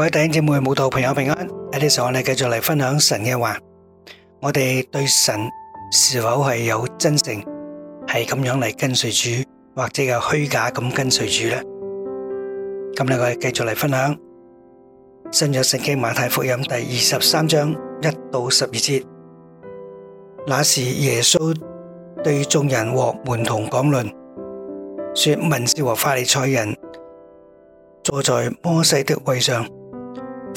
各位弟兄姊妹、慕道朋友平安，喺呢度我哋繼續嚟分享神嘅話，我哋對神是否係有真誠，係咁樣嚟跟隨主，或者又虛假咁跟隨主咧？今日我哋繼續嚟分享新約聖經馬太福音第二十三章一到十二節。那時耶穌對眾人和門徒講論，說文士和法利賽人坐在摩西的位上。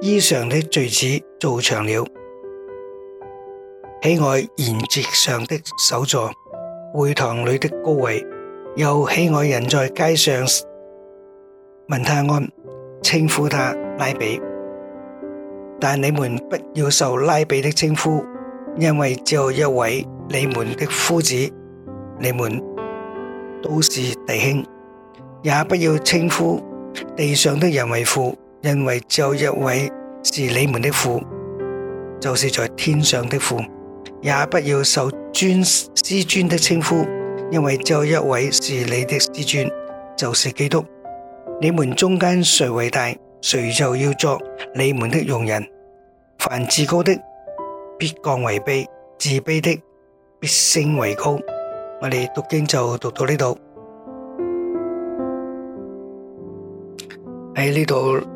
衣裳的綴子做長了，喜愛筵席上的首座，會堂裏的高位，又喜愛人在街上問他安，稱呼他拉比。但你們不要受拉比的稱呼，因為只有一位你們的夫子，你們都是弟兄。也不要稱呼地上的人為父。因為就一位是你們的父，就是在天上的父，也不要受尊師尊的稱呼，因為就一位是你的師尊，就是基督。你們中間誰為大，誰就要作你們的用人。凡自高的，必降為卑；自卑的，必升為高。我哋讀經就讀到呢度，喺呢度。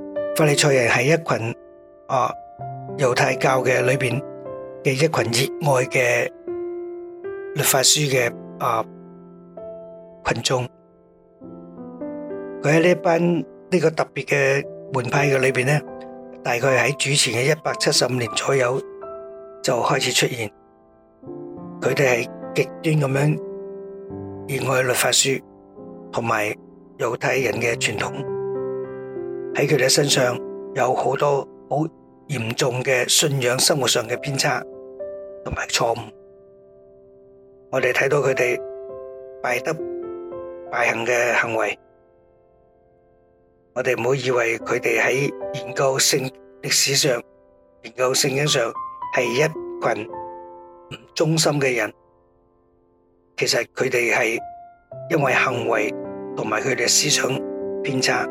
法利賽人係一群啊猶太教嘅裏邊嘅一群熱愛嘅律法書嘅啊群眾，佢喺呢一班呢個特別嘅門派嘅裏邊咧，大概喺主前嘅一百七十五年左右就開始出現，佢哋係極端咁樣熱愛律法書同埋猶太人嘅傳統。喺佢哋身上有好多好嚴重嘅信仰生活上嘅偏差同埋錯誤，我哋睇到佢哋敗德敗行嘅行為，我哋唔好以為佢哋喺研究聖歷史上，研究聖經上係一群唔忠心嘅人，其實佢哋係因為行為同埋佢哋思想偏差。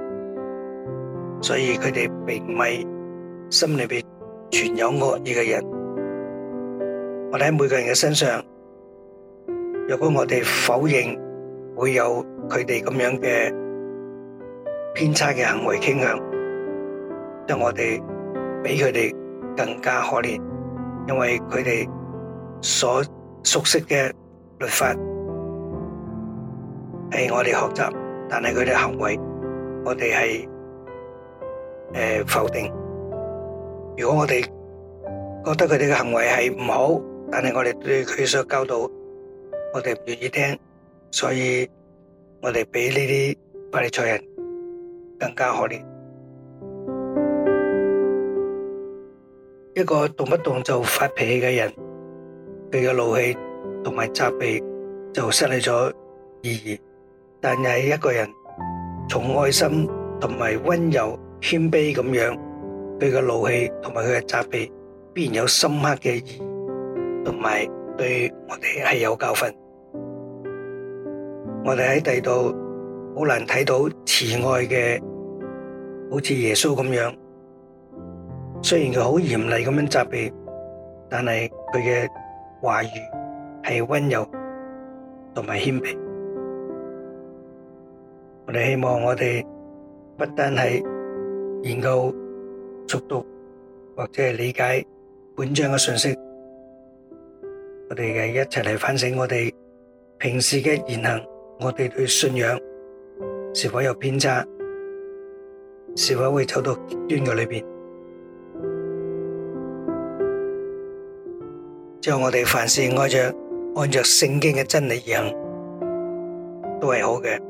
所以佢哋並唔係心裏面存有惡意嘅人。我哋喺每個人嘅身上，如果我哋否認會有佢哋咁樣嘅偏差嘅行為傾向，就係我哋比佢哋更加可憐，因為佢哋所熟悉嘅律法係我哋學習，但係佢哋嘅行為，我哋係。誒，否定。如果我哋覺得佢哋嘅行為係唔好，但係我哋對佢所教導，我哋唔願意聽，所以我哋比呢啲法利賽人更加可憐。一個動不動就發脾氣嘅人，佢嘅怒氣同埋責備就失去咗意義，但係一個人從愛心同埋溫柔。謙卑咁樣，對佢嘅怒氣同埋佢嘅責備，必然有深刻嘅意義，同埋對我哋係有教訓。我哋喺第二度好難睇到慈愛嘅，好似耶穌咁樣。雖然佢好嚴厲咁樣責備，但係佢嘅話語係温柔同埋謙卑。我哋希望我哋不單係。研究速讀或者係理解本章嘅信息，我哋係一齊嚟反省我哋平時嘅言行，我哋對信仰是否有偏差，是否會走到極端嘅裏面？只要我哋凡事按着按着聖經嘅真理而行，都係好嘅。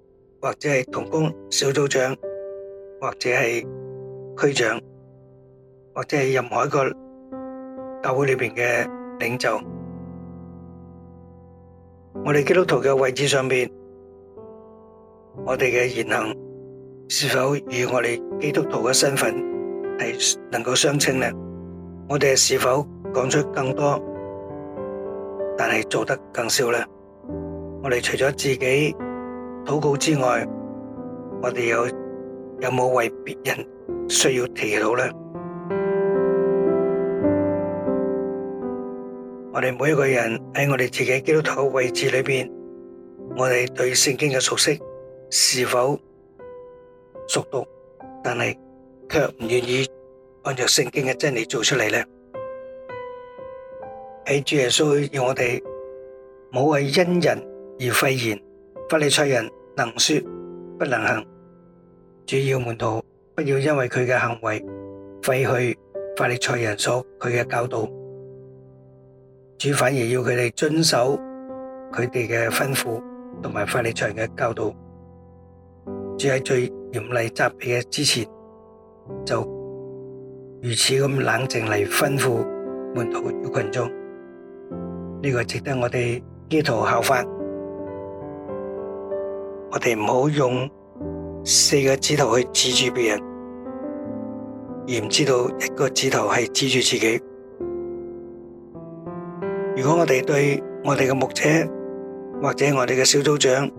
或者係同工、小組長，或者係區長，或者係任何一個教會裏面嘅領袖，我哋基督徒嘅位置上面，我哋嘅言行是否與我哋基督徒嘅身份係能夠相稱呢？我哋是否講出更多，但係做得更少呢？我哋除咗自己，禱告之外，我哋有有冇為別人需要祈禱咧？我哋每一個人喺我哋自己基督徒嘅位置裏邊，我哋對聖經嘅熟悉是否熟讀？但係卻唔願意按照聖經嘅真理做出嚟咧？喺主耶穌要我哋冇為因人而廢言。法利賽人能說不能行，主要門徒不要因為佢嘅行為廢去法利賽人所佢嘅教導，主反而要佢哋遵守佢哋嘅吩咐同埋法利賽人嘅教導。主喺最嚴厲責備嘅之前，就如此咁冷靜嚟吩咐門徒與群眾，呢、這個值得我哋基督徒效法。我哋唔好用四個指頭去指住別人，而唔知道一個指頭係指住自己。如果我哋對我哋嘅牧者，或者我哋嘅小組長，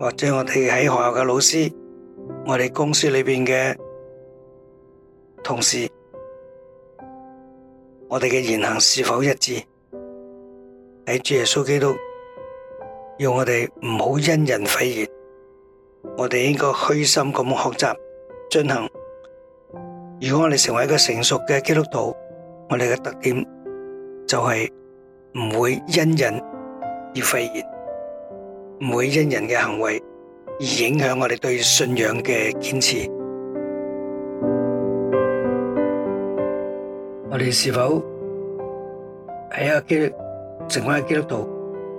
或者我哋喺學校嘅老師，我哋公司裏面嘅同事，我哋嘅言行是否一致？喺主耶穌基督。讓我哋唔好因人廢言，我哋應該虛心咁學習進行。如果我哋成為一個成熟嘅基督徒，我哋嘅特點就係唔會因人而廢言，唔會因人嘅行為而影響我哋對信仰嘅堅持。我哋是否喺一個基督成為一個基督徒？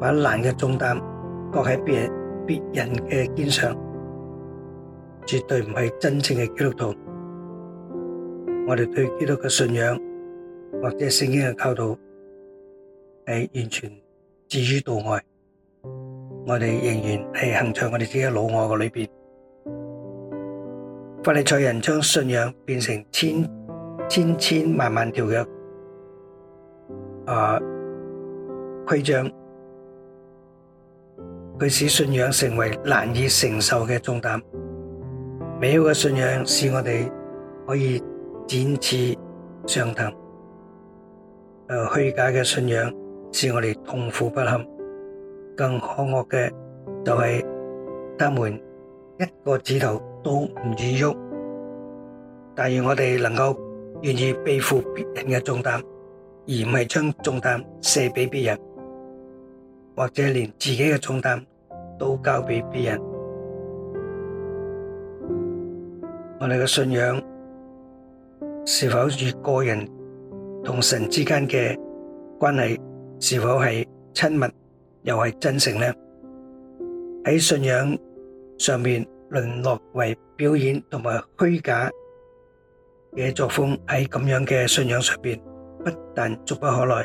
把難嘅重擔擱喺別別人嘅肩上，絕對唔係真正嘅基督徒。我哋對基督嘅信仰或者聖經嘅教導係完全置諸度外，我哋仍然係行在我哋自己老我嘅裏邊。法利賽人將信仰變成千千千萬萬條嘅啊規章。佢使信仰成為難以承受嘅重擔，美好嘅信仰使我哋可以展翅上騰；誒，虛假嘅信仰使我哋痛苦不堪。更可惡嘅就係他們一個指頭都唔願意喐。但願我哋能夠願意背負別人嘅重擔，而唔係將重擔卸俾別人。或者連自己嘅重擔都交俾別人，我哋嘅信仰是否與個人同神之間嘅關係是否係親密又係真誠呢？喺信仰上面淪落為表演同埋虛假嘅作風，喺咁樣嘅信仰上面不但俗不可耐，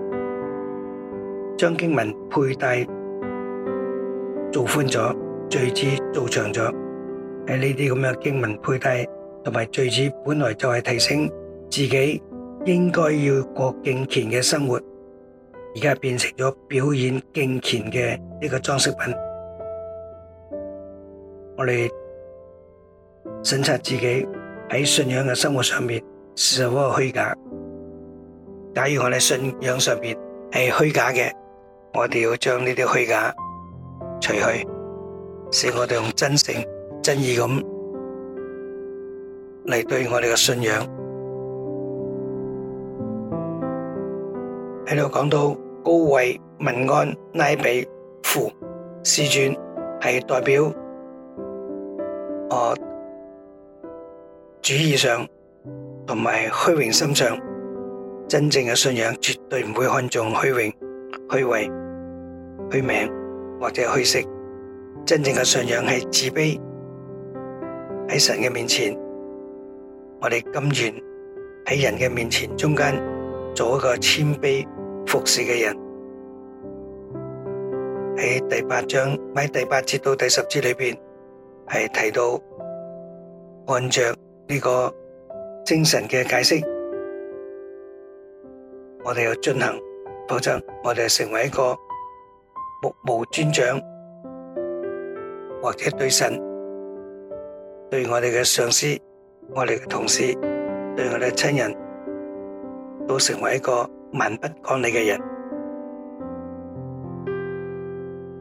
將經文佩戴做寬咗，繸子做長咗，喺呢啲咁樣經文佩戴同埋繸子本來就係提升自己應該要過敬虔嘅生活，而家變成咗表演敬虔嘅一個裝飾品。我哋審察自己喺信仰嘅生活上面，是否係虛假？假如我哋信仰上面係虛假嘅，我哋要將呢啲虛假除去，使我哋用真誠、真意咁嚟對我哋嘅信仰。喺度講到高位、文安、拉比、父、師尊，係代表啊主義上同埋虛榮心上，真正嘅信仰絕對唔會看重虛榮。虛偽、虛名或者虛飾，真正嘅信仰係自卑。喺神嘅面前，我哋甘願喺人嘅面前中間做一個謙卑服侍嘅人。喺第八章喺第八節到第十節裏面，係提到按照呢個精神嘅解釋，我哋要進行。否則我哋成為一個目無尊長，或者對神、對我哋嘅上司、我哋嘅同事、對我哋嘅親人，都成為一個蠻不講理嘅人。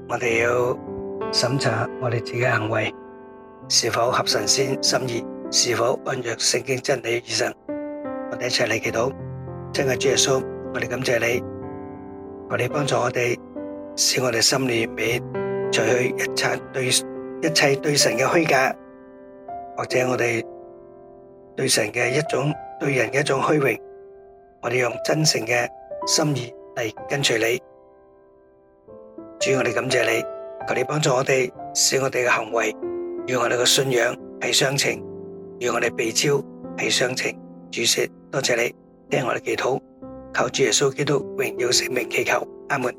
我哋要審查我哋自己嘅行為是否合神仙心意，是否按照聖經真理而行。我哋一齊嚟祈禱，親愛嘅主耶穌，我哋感謝你。求你幫助我哋，使我哋心裏面除去一切對一切對神嘅虛假，或者我哋對神嘅一種對人嘅一種虛榮，我哋用真誠嘅心意嚟跟隨你。主，我哋感謝你，求你幫助我哋，使我哋嘅行為與我哋嘅信仰係相稱，與我哋被召係相稱。主說：多謝你，聽我哋祈禱。求主耶穌基督榮耀聖名，祈求，阿門。